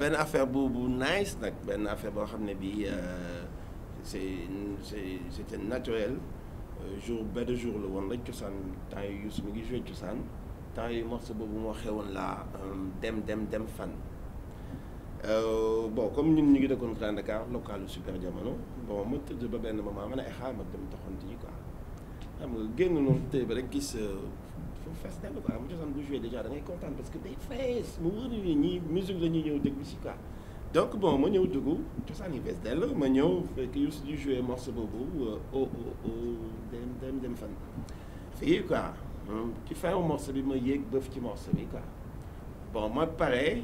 benn affaire boobu bu nice nag benn affaire boo xam ne bii euh, c' est est c' était naturel euh, jour benn jour la woon rek cosaan temps yu Youssou mi ngi joué cosaan temps yu morceau boobu moo xewoon laa euh, dem dem dem fan. bon comme ñun ñu ngi dëkkoon Grand Dakar local super jamono bon ma tëdd ba benn moment ma ne ay eh, xaar ma dem taxonti yi quoi xam nga génn noonu tey ba rek gis. foofu fees dellu quoi am cosaan bu joué déjà da ngay kontaan parce que day fees mu ñuy ñëw déglu si quoi donc bon ma ñëw dugg cosaan yi ma ñëw fekk Youssou di joué morceau boobu au euh, oh, oh, oh, dem dem dem ci feewu morceau bi ma yéeg bëf ci morceau bi quoi bon ma pare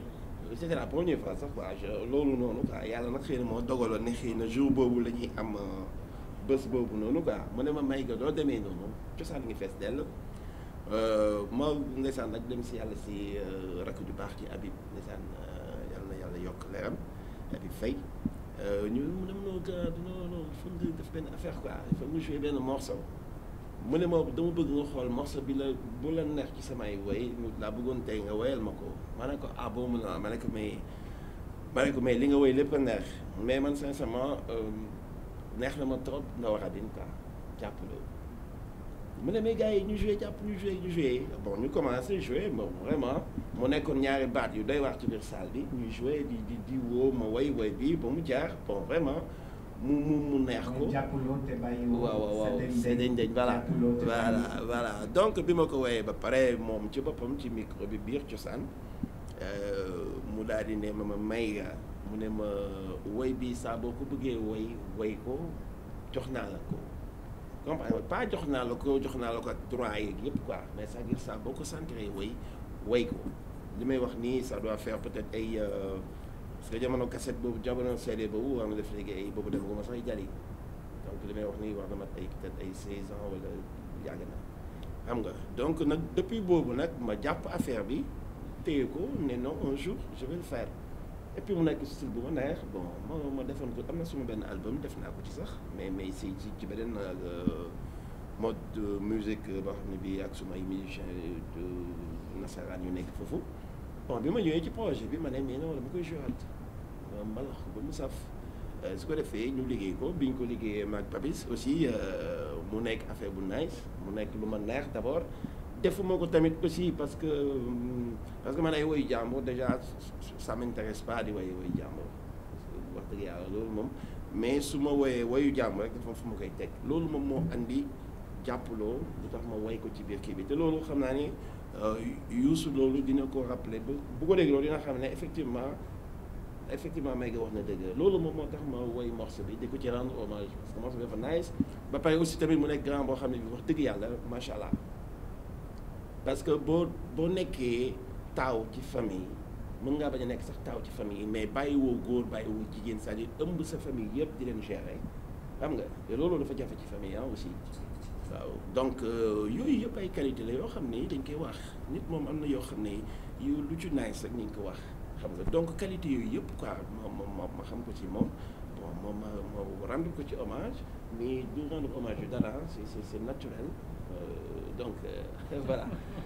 c'était la première fois sax quoi loolu noonu quoi yàlla nag xëy moo dogaloon ne xëy jour boobu la ñuy am euh, bés boobu noonu quoi mu ne ma may ga doo demee noonu cosaan ngi fees dell Euh, ma ndeysaan nag dem si yàlla si euh, rakk ju baax ci Habib ndeysaan euh, yàlla na yàlla yokk leeram Habib Faye ñu mu ne ma noo fa nga def benn affaire quoi fa nga joué mu ne ma dama bëgg nga xool morso bi la bu la neex ci samay woy laa bëggoon tey nga woyal ma ko ma ne ko ah boo mu ne ma ne ko mais ma ne ko mais li nga woy lépp a neex mais man sincèrement neex la ma trop nga war a din quoi jàpp loolu mu ne mais gars yi ñu joué jàpp ñu joué ñu joué bon ñu commencé joué moom vraiment mu nekkoon ñaari baat yu doy wax ci biir salle bi ñu joué di di di ma woy woy bi ba mu jaar bon vraiment mu mu mu neex ko. waaw waaw waaw séddañ dañ voilà voilà voilà donc bi ma ko woyee ba pare moom ci boppam ci micro biir cosaan euh, mu daal di ne ma ma may mu ne ma woy bi saa boo ko bëggee woy woy ko jox naa la ko. comprendre pas jox naa la ko jox naa la ko ak droit yeeg yëpp quoi mais c'est-à-dire boo ko centré way way ko li may wax nii ça doit faire peut ay euh, parce que jamono cassette boobu jamono CD boobu war na def léegi ay boobu dafa ko ma sax jali donc li may wax nii war na mat ay peut-être ay 16 ans wala yàgg na xam nga donc nag depuis boobu nag ma jàpp affaire bi téye ko ne non jour je vais le et puis mu nekk style bu ma neex bon ma ma defoon am na suma benn album def naa ko ci sax mais mais si ci ci beneen euh, mode de musique ba xam ne bii ak sumay musiciens de nasaraan yu nekk foofu bon bi ma ñëwee ci projet bi ma ne mais non dama koy jouaat mbalax ba mu saf euh, su ko defee ñu liggéey ko bi ñu ko liggéeyee maag Papis aussi euh, mu nekk affaire bu nice mu nekk lu ma neex d'abord defuma ko tamit aussi parce que euh, parce que man ay woyu jàmbur déjà ça m'intéresse pas di woy woyu jàmbur wax dëgg yàlla loolu moom mais su ma woyee woyu jàmbur rek dafa fu ma koy teg loolu moom moo andi jàppaloo tax ma woy ko ci biir kii bi te loolu xam naa ni euh, Youssou loolu dina ko rappeler ba bu ko dégg loolu dina xam ne effectivement effectivement Maïga wax na dëgg loolu moom moo tax ma woy morceau bi di ko ci rendre hommage parce que ba pare aussi tamit mu nekk grand boo xam ne bi wax dëgg yàlla macha allah. parce que boo boo nekkee taaw ci famille mën ngaa bañ a nekk sax taaw ci famille yi mais bàyyiwoo góor bàyyiwoo jigéen c'est-à-dire ëmb sa famille yëpp di leen rek xam nga te loolu dafa jafe ci famille ah aussi waaw donc euh, yooyu yëpp ay qualité la yoo xam ne dañ koy wax nit moom am na yoo xam ne yu lu ci nice rek nañ ko wax xam nga donc qualité yooyu yëpp quoi moom moom ma xam ko ci moom bon moom ma euh, ma rendre ko ci hommage mais du rendre hommage yu dara c'est c'est naturel. Euh, donc euh,